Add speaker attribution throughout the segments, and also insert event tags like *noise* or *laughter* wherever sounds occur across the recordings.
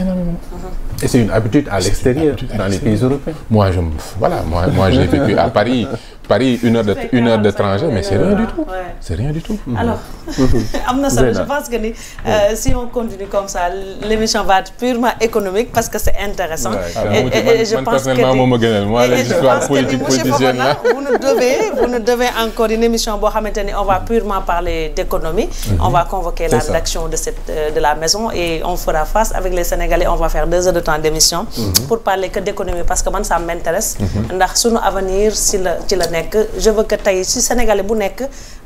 Speaker 1: énormément. Et c'est une habitude à l'extérieur, dans les pays européens. j'ai vécu à Paris, une heure de, mais c'est rien du tout. C'est rien du tout. Alors, mhm. *laughs* Amna je pense
Speaker 2: que euh, si on continue comme ça, l'émission va purement économique parce que c'est intéressant. Ouais, et, et, et, je pense que...
Speaker 1: Moi, les histoires politiques, politiciennes, là.
Speaker 2: Vous nous devez, vous nous devez encore une émission, on va purement parler d'économie. Mm -hmm. On va convoquer la rédaction de, euh, de la maison et on fera Sénégalais on va faire deux heures de temps d'émission mm -hmm. pour parler que d'économie parce que man ça m'intéresse mhm. ndax suñu avenir si la ci la nekk je veux que tey si Sénégalais bu nekk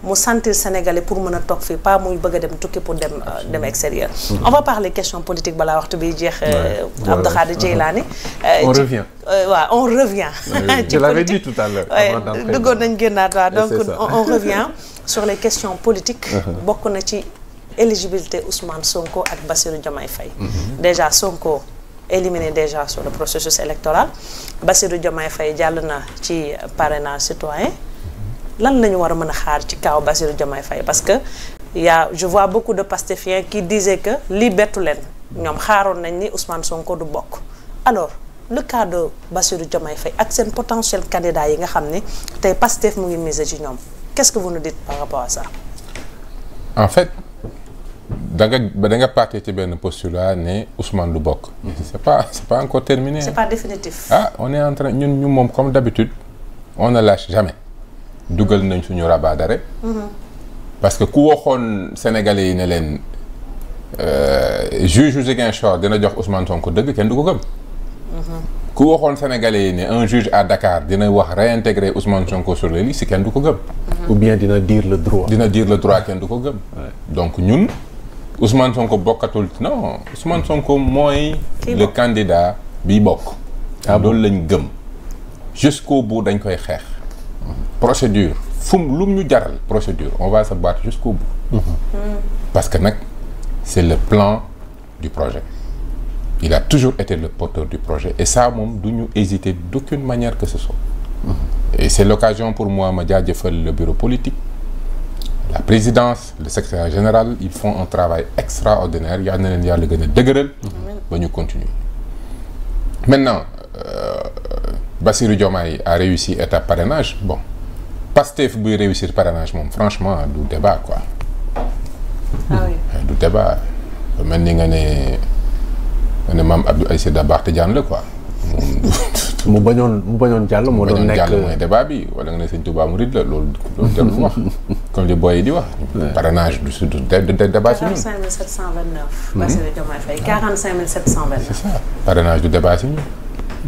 Speaker 2: mu sentir Sénégalais pour mën a toog fii pas muy bëgg a dem tukki pour dem euh, dem extérieur mhm. on va parler question politique balaa waxtu bi jeex euh, Abdou Khadir Djeylani uh-huh. euh, on revient waaw on *laughs* duggoon nañ génnaat waaw donc on revient sur les questions politiques uh-huh. bokk na ci éligibilité Ousmane Sonko ak Bassirou Diomaye Faye déjà Sonko éliminé déjà sur le processus électoral Bassirou Diomaye fay jàll na ci parrainage citoyen lan la ñu war a mën a xaar ci kaw Bassirou Diomaye fay parce que yaa je vois beaucoup de pastéfiens qui disaient que lii bettu leen ñoom xaaroon nañ ni Ousmane Sonko du bokk alors le cas de Bassirou Diomaye ak seen potentiel candidat yi nga xam ni tey Pastef mu ngi misé ci ñoom quest que vous nous dites par rapport
Speaker 1: à da nga ba da nga partir ci benn postulat ne Ousmane du bokk. c'est pas c'est pas encore terminé. c'est pas
Speaker 2: définitif. ah
Speaker 1: on est en ñun ñu moom comme d'habitude on ne lâche jamais dugal nañ suñu rabat d'arrêt. Mm-hmm. parce que ku waxoon sénégalais yi ne leen euh, juge Ziguinchor dina jox Ousmane Sonko dëgg kenn du ko gëm. Mm-hmm. ku waxoon sénégalais yi ne un juge à Dakar dina wax réintégrer Ousmane Sonko sur les listes kenn du ko gëm. ou bien dina diir le droit. dina diir le droit kenn du ko gëm. donc ñun. Ousmane Sonko bokkatul non Ousmane Sonko mooy. le candidat bi bokk. ah loolu lañ gëm. jusqu'au bout dañ koy xeex. procédure fu mu ñu jaral procédure on va se battre jusqu'au bout. Mm-hmm. parce que nag c'est le plan du projet. il a toujours été le porteur du projet et ça moom du ñu hésiter d'aucune manière que ce soit. Mm-hmm. et c'est l'occasion pour moi ma jaajëfal le bureau politique. la présidence le secrétaire général ils font un travail extraordinaire yal na leen yàlla gën a dëgëral. ba ñu continuer. maintenant euh, Bassirou Diomaye a réussi étape parrainage bon Pastef buy réussir parrainage moom franchement du débat quoi. ah du débat mel ni nga ne nga ne maam Abdou Aïssé Dabakh Tidiane la quoi. *laughs* mu bañoon mu bañoon jàll moo doon nekk wala nga ne sëñ Touba Mouride la loolu loolu jarul wax *laughs* comme li booy di wax parrainage du sud débat si ñun
Speaker 2: 45 729 Bassirou Diomaye
Speaker 1: du débat si ñun hmm.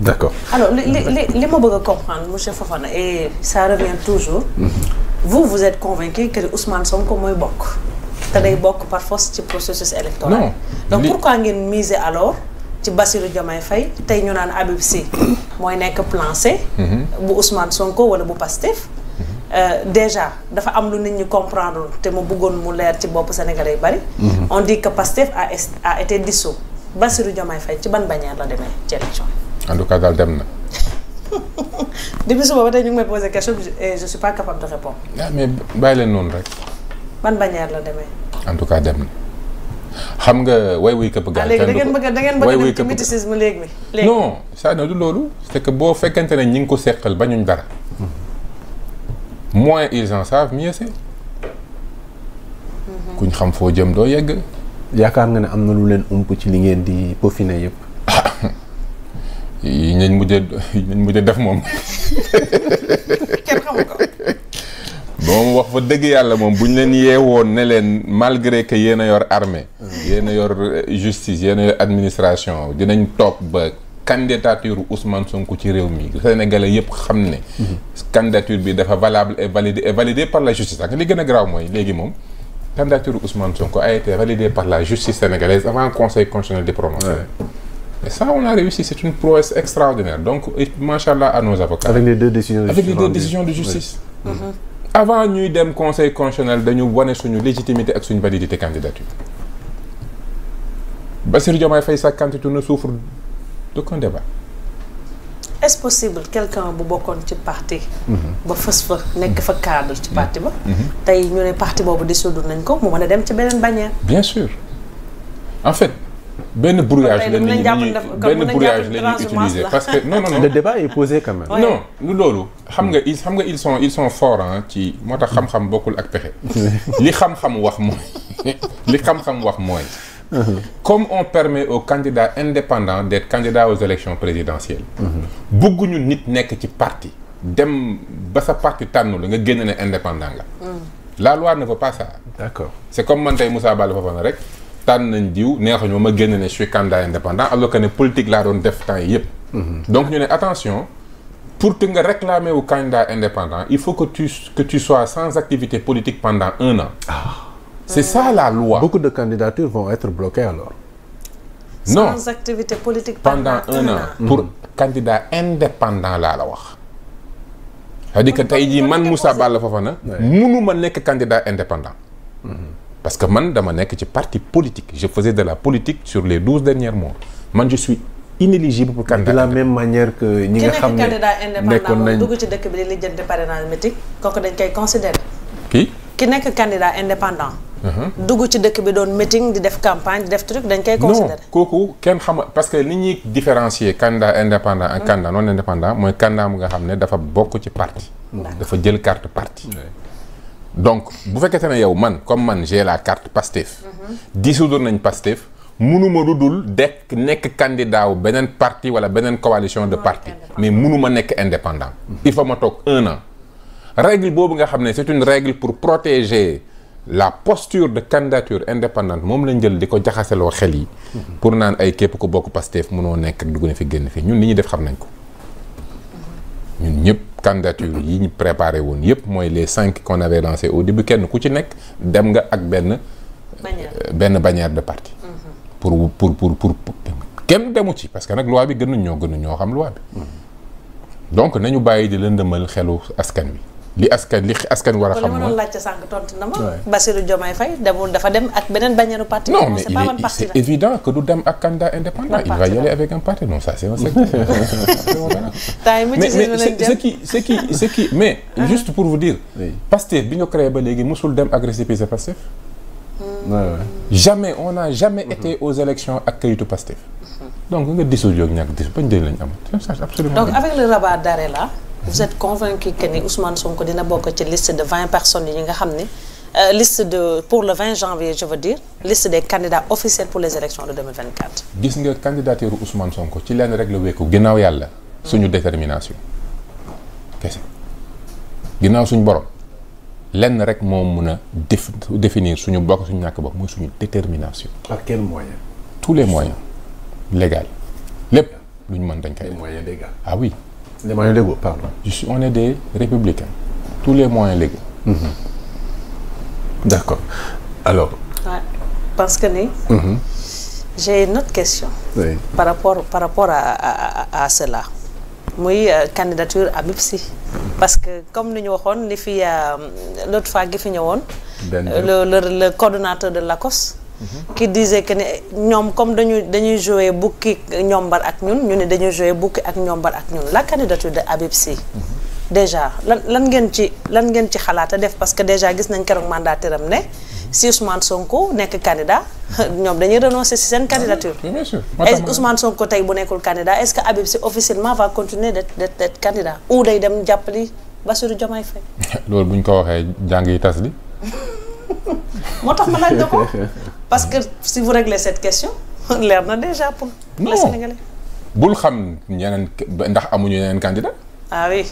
Speaker 1: d'accord
Speaker 2: alors li li li ma bëgg a comprendre monsieur Fofana et ça revient toujours mm-hmm. vous vous êtes convaincu que Ousmane bokk te day bokk par force ci processus électoral non donc pourquoi ngeen miser alors ci Bassirou Diomaye fay tey ñu naan Habib Sy mooy nekk plan bu Ousmane Sonko wala bu Pastef euh, déjà dafa am lu nit ñi comprendre te mu bëggoon mu leer ci bopp Sénégalais yu bari on dit que Pastef a a été dissous Bassirou fay ci ban bannière la demee ci élection
Speaker 1: en tout cas daal dem na
Speaker 2: *laughs* depuis suba ba tey ñu ngi may posé question je suis pas capable de répondre
Speaker 1: ah, mais bàyyi leen noonu rek
Speaker 2: ban bannière la deme
Speaker 1: en tout cas dem na xam nga way wuy këpp gaal. da ngeen bëgg a da ngeen bëgg a dem ci mythicisme léegi léegi. non ça ne du loolu c'est que boo fekkente ne ñi ngi ko seqal bañuñ dara moins ils en savent mieux c'est. Mhm. kuñ xam foo jëm doo yegg. yaakaar nga ne am na lu leen ump ci li ngeen di peaufiner yëpp. *laughs* yi ñu mujj yi ñu mujj def moom. *laughs* kenn xamu ko. moom wax fa dëgg yàlla moom bu ñu leen yeewoon ne leen malgré que yéen a yor armée yéen yor eh, justice yéen yor administration dinañ toog ba candidature Ousmane Sonko ci réew mi Sénégalais yëpp xam ne. Mhm. candidature bi dafa valable et validée et validée par la justice ak li gën a garaaw mooy léegi moom. candidature Ousmane Sonko a été validée par la justice sénégalaise avant le Conseil constitutionnel de prononcer. Ouais. Et ça, on a réussi. C'est une prouesse extraordinaire. Donc, machallah à nos avocats.
Speaker 3: Avec les deux décisions de justice. Avec les deux décisions de justice. Oui. Mm
Speaker 1: Avant ñuy dem Conseil suñu légitimité ak suñu Bassirou Diomaye Faye sa candidature ne souffre d'aucun débat.
Speaker 2: est-ce possible quelqu'un bu bokkoon ci parti. Mhm. ba fës fa nekk fa cadre ci parti ba. Mhm. Mhm. tey ñu ne parti boobu dissoudre nañ ko mu mën a dem ci beneen bannière.
Speaker 1: bien sûr en fait. benn brouillage la nit ñi benn brouillage la parce que non non non. le débat est posé quand lu loolu. xam nga ils xam nga ils sont ils ci moo tax xam-xam bokkul ak pexe. *laughs* li xam-xam wax mooy *laughs* li xam-xam wax mooy. comme on permet aux candidats indépendants d'être candidats aux élections présidentielles ñu nit nekk ci parti dem ba sa parti tànnu la nga génn ne indépendant la mm. la loi ne veut pas ça d'accord c'est comme man tey Moussa Balla Fofana rek tànn nañ diw neexuñu ma ma génn ne je suis candidat indépendant alors que ne politique laa doon def temps yi yëpp mm-hmm. donc ñu ne attention pour te nga réclamer wu candidat indépendant il faut que tu que tu sois sans activité politique pendant un
Speaker 3: C'est ça la loi. Beaucoup de candidatures vont être bloquées alors. Non. Sans
Speaker 2: activité politique pendant,
Speaker 1: pendant un an. Pour candidat indépendant laa la wax. c'est-à-dire que tey jii man Moussa Balla Fofana. mënuma nekk candidat indépendant. parce que man dama nekk ci parti politique je faisais de la politique sur les douze derniers mois man je suis inéligible pour candidat de la même manière que ñi nga xam ne candidat indépendant moom dugg ci
Speaker 2: dëkk bi di lijjanti parrainage mythique kooku dañ koy considérer. kii ki nekk candidat indépendant. dugg ci dëkk bi doon meeting di def campagne di def truc dañ koy considérer
Speaker 1: kooku kenn xam parce que ni ñuy différencier candidat indépendant ak candidat non indépendant mooy candidat mu nga xam ne dafa bokk ci parti dafa jël carte parti donc bu fekkee ne yow man comme man j'ai la carte Pastef mhm. dissoudre nañ Pastef munuma lu dul dekk nekk candidat beneen parti wala beneen coalition de parti mais munuma nekk indépendant il faut ma toog un an règle boobu nga xam ne c'est une règle pour protéger la posture de candidature indépendante moom lañ jël di ko jaxaseeloo xel yi. pour naan ay képp ko bokk Pastef mënoo nekk ak dugg na fi génn fi ñun li ñu def xam nañ ko. ñun ñëpp candidature yi ñu préparé woon yëpp mooy les cinq qu'on avait lancé au début kenn ku ci nekk dem nga ak benn. Euh, benn bannière de parti. Mhm. pour pour pour pour kenn demu ci parce que nag loi bi gënuñ ñoo gënuñ ñoo xam loi mhm. donc nañu bàyyi di lëndëmal xelu askan wi. li askan li askan war a xam. ma doon
Speaker 2: laajte sànq tontu na ma. Bassirou Diomaye Faye demul dafa dem ak beneen bannière parti. non mais il est c'est
Speaker 1: évident que du dem ak candidat indépendant. il va y avec un parti non ça c'est un *laughs* secret.
Speaker 2: mais ce
Speaker 1: qui ce qui ce qui ah. juste pour vous dire. Pastef bi ñu créé ba léegi mosul dem ak récépissé Pastef. Hmm. jamais on n'a jamais hmm. été aux élections ak kayitu Pastef. Hmm. donc nga disul yoog ñàkk disul bañ dee lañ am. donc
Speaker 2: avec le rabat d'arrêt là. vous êtes convaincu que ni son Sonko dina bokk ci liste de vingt personnes yi nga xam ne euh, liste de pour le 20 janvier je veux dire liste des candidats officiels pour les élections de 2024.
Speaker 1: gis nga candidature son Sonko ci lenn rek la wékku ginnaaw yàlla. suñu détermination. kese ginnaaw suñu borom lenn rek moom mun a def définir suñu bokk suñu nàkk bokk mooy suñu détermination.
Speaker 3: par quel moyen. tous les moyens
Speaker 1: légaux lépp lu ñu mën dañ koy. moyen légal ah les moyens légaux pardon. je suis on est des républicains tous les moyens légaux. Mm -hmm.
Speaker 2: parce que ni. Mm -hmm. j'ai une autre question. par rapport par rapport à à à, cela. muy euh, candidature à MIPSI. parce que comme li ñu waxoon li fi euh, l'autre fois gi fi ñëwoon. le le le coordonnateur de l'ACOS. qui disait que ne ñoom comme dañuy dañuy jouer bukki ñombar ak ñun ñu ne dañuy jouer bukki ak ñombar ak ñun la candidature de Habib Sy déjà lan lan ngeen ci lan ngeen ci xalaata def parce que déjà gis nañ keroog mandataire am ne si Ousmane Sonko nekk candidat *laughs* ñoom dañuy renoncer si seen candidature bien sûr Ousmane Sonko tey bu nekkul candidat est-ce que Habib Sy officiellement va continuer d'être d'être candidat ou day dem jàppali Bassirou Diomaye Faye
Speaker 1: *laughs* loolu bu ñu ko waxee jàng yi tas
Speaker 2: tax ma *laughs* parce que si vous réglez cette question *laughs* leer na déjà pour.
Speaker 1: non les Sénégalais. bul xam ñeneen ndax amuñu ñeneen candidat. ah oui.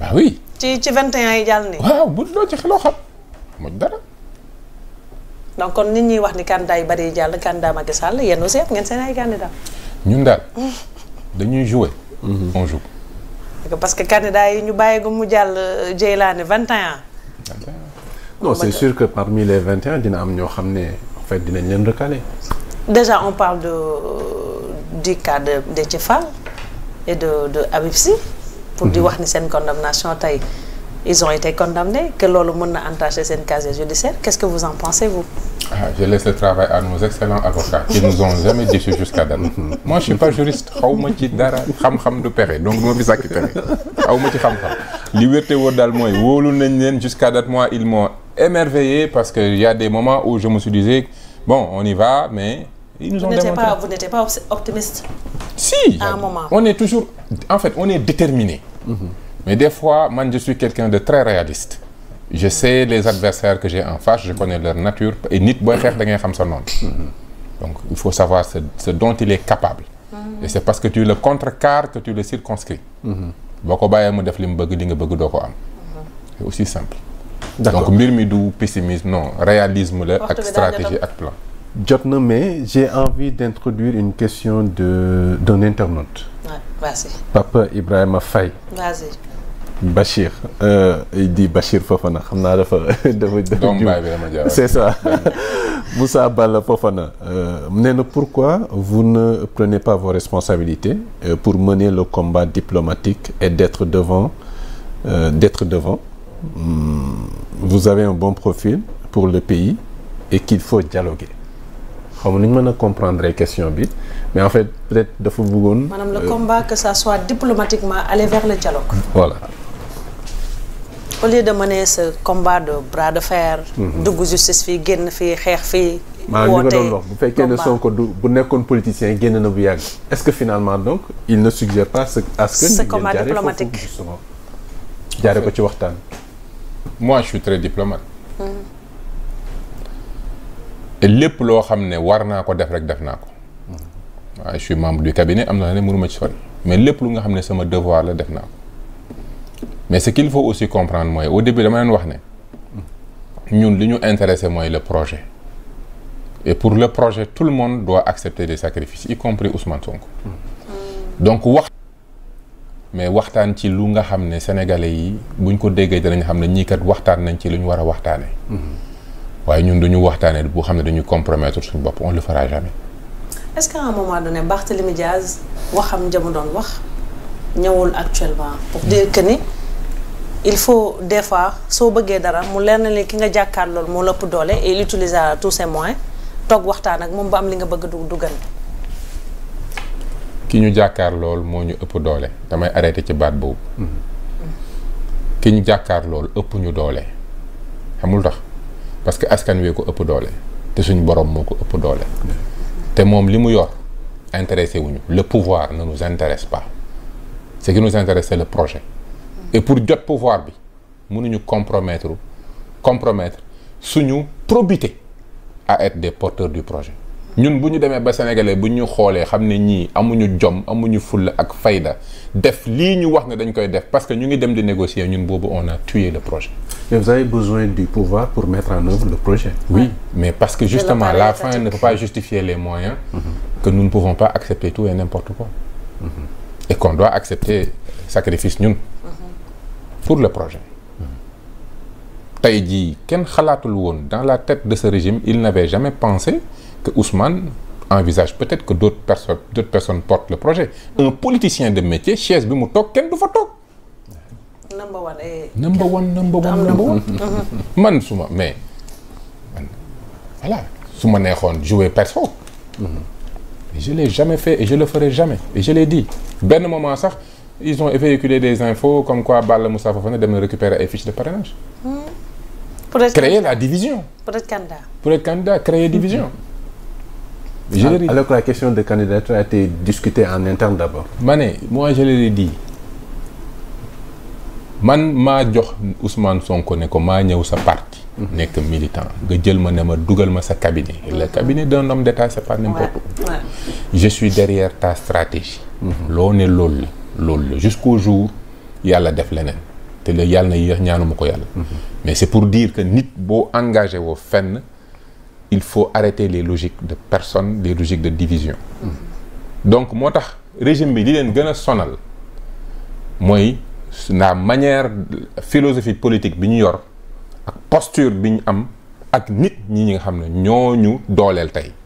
Speaker 1: ah oui.
Speaker 2: ci ci 21 yi jàll nii. waaw bu kon nit ñi wax ni candidat yi bari yi jàll candidat Macky Sall yéen
Speaker 3: mm. dañuy jouer. Mm-hmm.
Speaker 2: parce que candidat ñu bàyyi ko mu jàll euh, Jeylaane 21.
Speaker 3: non c'est sûr dina am ñoo xam ne. fait dinañ leen recaler.
Speaker 2: déjà on parle de du cas de Déthié Fall et de de Habib Sy pour di mhm. wax ni seen condamnation tey ils ont été condamnés que loolu mën na entacher seen casier judiciaire qu'est-ce que vous en pensez vous.
Speaker 1: ah je laisse le travail à nos excellents avocats qui nous ont jamais déçus jusqu'à date. *laughs* Mhm. moi je pas juriste xaw ma ci dara xam-xam du pexe donc duma fi sàkki pexe xaw ma ci xam-xam li wérte woo daal mooy wóolu nañ leen jusqu'à date moi ils m'ont émerveillé parce que y des moments où je bon on y va mais. ils nous ont démontré pas
Speaker 2: vous n'étiez pas optimiste. si
Speaker 1: on est toujours en fait on est déterminé. Mhm. mais des fois man je suis quelqu'un de très réaliste. je sais les adversaires que j'ai en face je connais leur nature et nit booy xeex da ngay xam sa non mhm. donc il faut savoir ce, ce dont il est capable. Mhm. et c'est parce que tu le contrecarres que tu le circonscris. boo ko bàyyee mu def li mu bëgg li nga bëgg doo ko am. c'est aussi simple. donc mbir mi du pessimisme non réalisme la ak stratégie ak plan
Speaker 3: jot na mais j'ai envie d'introduire une question de d'un internaute ouais, vas Papa Ibrahima Faye vas Bachir euh, il dit Bachir Fofana xam naa dafa *laughs* dafa c'est ça *laughs* Moussa Balla Fofana euh, nee na pourquoi vous ne prenez pas vos responsabilités euh, pour mener le combat diplomatique et d'être devant euh, d'être devant Hmm. vous avez un bon profil pour le pays et qu'il faut dialoguer xam nu ñu mën a comprendre question bi mais en fait peut dafa bëggoon. manaam le euh,
Speaker 2: combat que ça soit diplomatiquement aller vers le dialogue. voilà. au lieu de mener ce combat de bras de fer. Mhm. dugg justice fii génn fii xeex fii. maanaam li ma doon wax
Speaker 3: bu fekkee ne Sonko du bu nekkoon politicien génn na bu yàgg. est-ce que finalement donc il ne suggère pas ce à ce que. ce combat diplomatique jaaree ko ci waxtaan. mois je suis très diplomate.
Speaker 1: lépp loo xam ne war naa ko def rek def naa ko. waaye je suis membre du cabinet am na ne mënuma ci fan mais lépp lu nga xam ne sama devoir la def naa ko mais ce qu'il faut aussi comprendre mooy au début dama leen wax ne ñun lu ñu intéressé mooy le projet et pour le projet tout le monde doit accepter des sacrifices y compris Ousmane Sonko. Mm. donc wax. mais waxtaan ci lu nga xam ne sénégalais yi buñ ko déggee danañ xam ne ñii kat waxtaan nañ ci lu ñu war a waxtaanee. Mm-hmm. waaye ñun ñu waxtaanee boo xam ne dañu compromettre suñu bopp on le fera jamais.
Speaker 2: moom ce qu'à un moment donné Barthélémy Diaz waxam jamu doon wax ñëwul actuellement. pour dire que ni il faut des fois soo bëggee dara mu leer na leen ki nga jàkkaar loolu moo lëpp doole et il utilise tous ses moyens toog waxtaan ak moom ba am li nga bëgg a dugg
Speaker 1: ki ñu jàkkaar lool moo ñu ëpp doole damay arrêté ci baat boobu ki ñu jàkkaar lool ëpp ñu doole xamul tax parce que askan wee ko ëpp doole te suñu borom moo ko ëpp doole te moom li mu yor intéressé wuñu le pouvoir na nous intéresse pas ce qui nous intéresse c'est le projet et pour jot pouvoir bi mënuñu compromettre compromettre suñu probité a être des porteurs du projet ñun bu ñu demee ba sénégalais bu ñu xoolee xam ne ñii amuñu jom amuñu fulla ak fayda def lii ñu wax ne dañ koy def parce que ñu ngi dem di négocier ñun boobu on a tué le projet.
Speaker 3: Et vous avez besoin du pouvoir pour mais
Speaker 1: parce que justement pareil, la fin ne peut pas justifier les moyens. Mm -hmm. que nous ne pouvons pas accepter tout et n'importe quoi.
Speaker 3: Mm -hmm.
Speaker 1: et qu'on doit accepter sacrifice ñun. Mm-hmm. pour le projet. Mm-hmm. tey jii kenn xalaatul woon dans la tête de ce régime il n'avait jamais pensé. que Ousmane envisage peut-être que d'autres personnes d'autres personnes portent le projet. un politicien de métier chaise bi mu toog kenn du fa toog. number one eh. number one number one number one *laughs* man su ma mais man voilà su ma neexoon jouer perso. Mhm. je l'ai jamais fait et je le ferai jamais je l'ai dit benn moment sax ils ont véhiculé des infos comme quoi Balla Moussa Fofana dem na récupérer ay fiches de parrainage. Hmm. créer la division. pour être candidat. pour être candidat division. Mhm.
Speaker 3: je l'ai dit alors que la question de candidature a été discutée en interne ma ne moi je l'ai
Speaker 1: man maa jox Ousmane Sonko ne ko maa ñëw sa parti. Mhm. nekk militant nga jël ma ne ma dugal ma sa cabinet le cabinet d'un homme d'état c'est pas n'importe où. Ouais. je ta stratégie. Mhm. loo ne loolu la loolu la jusqu'au jour yàlla def leneen te la yàlla na yéex ñaanuma ko yàlla. Mhm. mais c'est pour dire que nit boo engagé woo fenn. il faut arrêter les logiques de personnes les logiques de division donc moo tax régime bi li leen gën a sonal mooy la manière philosophie politique bi ñu yor ak posture bi ñu am ak nit ñi ñi nga xam ne ñoo ñu dooleel tey